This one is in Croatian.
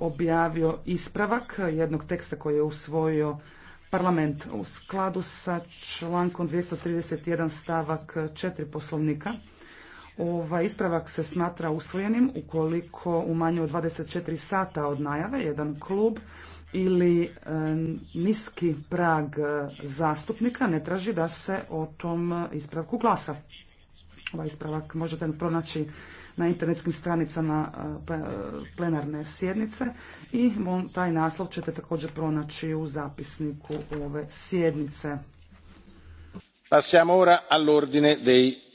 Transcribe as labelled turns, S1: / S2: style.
S1: objavio ispravak jednog teksta koji je usvojio parlament u skladu sa člankom 231 stavak 4 poslovnika. Ovaj ispravak se smatra usvojenim ukoliko u manje od 24 sata od najave jedan klub ili e, niski prag e, zastupnika ne traži da se o tom ispravku glasa. Ovaj ispravak možete pronaći na internetskim stranicama e, e, plenarne sjednice i taj naslov ćete također pronaći u zapisniku ove sjednice.
S2: Passiamo ora all'ordine dei